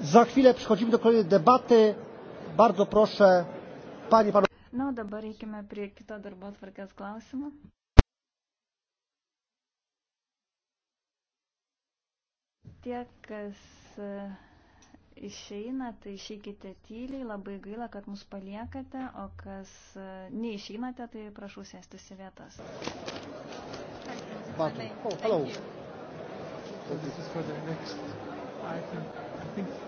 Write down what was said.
Za chwilę przechodzimy do kolejnej debaty. Bardzo proszę Panie Panu. Na, o dabar reikime prie kito darbo tvarkės klausimo. Tie, kas e, išeina, tai išeikite tyliai, labai gaila, kad mus paliekate, o kas e, neišeinate, tai prašau sėstis į vietas. But, oh, hello. So this is for the next item. I think